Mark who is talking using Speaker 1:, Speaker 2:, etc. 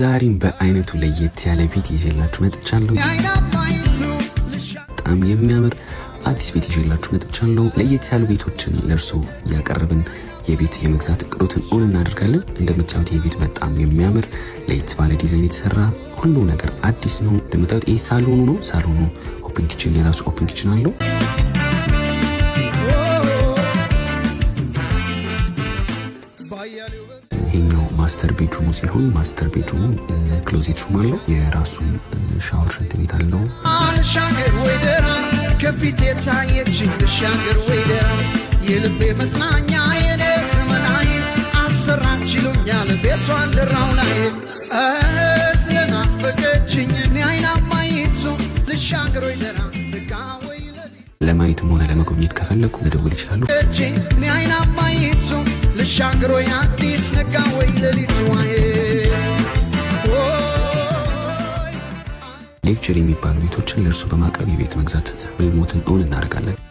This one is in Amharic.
Speaker 1: ዛሬም በአይነቱ ለየት ያለ ቤት ይዤላችሁ መጥቻለሁ። በጣም የሚያምር አዲስ ቤት ይዤላችሁ መጥቻለሁ። ለየት ያሉ ቤቶችን ለእርሶ እያቀረብን የቤት የመግዛት እቅዶትን እውን እናደርጋለን። እንደምታዩት የቤት በጣም የሚያምር ለየት ባለ ዲዛይን የተሰራ ሁሉ ነገር አዲስ ነው። እንደምታዩት ይህ ሳሎኑ ነው። ሳሎኑ ኦፕን ኪችን፣ የራሱ ኦፕን ኪችን አለው። ይሄኛው ማስተር ቤድሩሙ ሲሆን ማስተር ቤድሩሙ ክሎዜት ሩም አለው። የራሱን ሻወር ሽንት ቤት አለው። አልሻገር ወይደራ ከፊት የታየች ልሻገር ወይደራ የልቤ መጽናኛ የኔ ዘመናዬ አሰራች ይሉኛል ቤቷን ደራው ላይ ስለናፈቀችኝ አይናማይቱ ልሻገር ወይደራ ለማየትም ሆነ ለመጎብኘት ከፈለጉ መደወል ይችላሉ። አይናማይቱ ልሻግሮ የአዲስ ነጋ ወይ ሌሊት ዋዬ ሌክቸር የሚባሉ ቤቶችን ለእርሱ በማቅረብ የቤት መግዛት ህልሞትን እውን እናደርጋለን።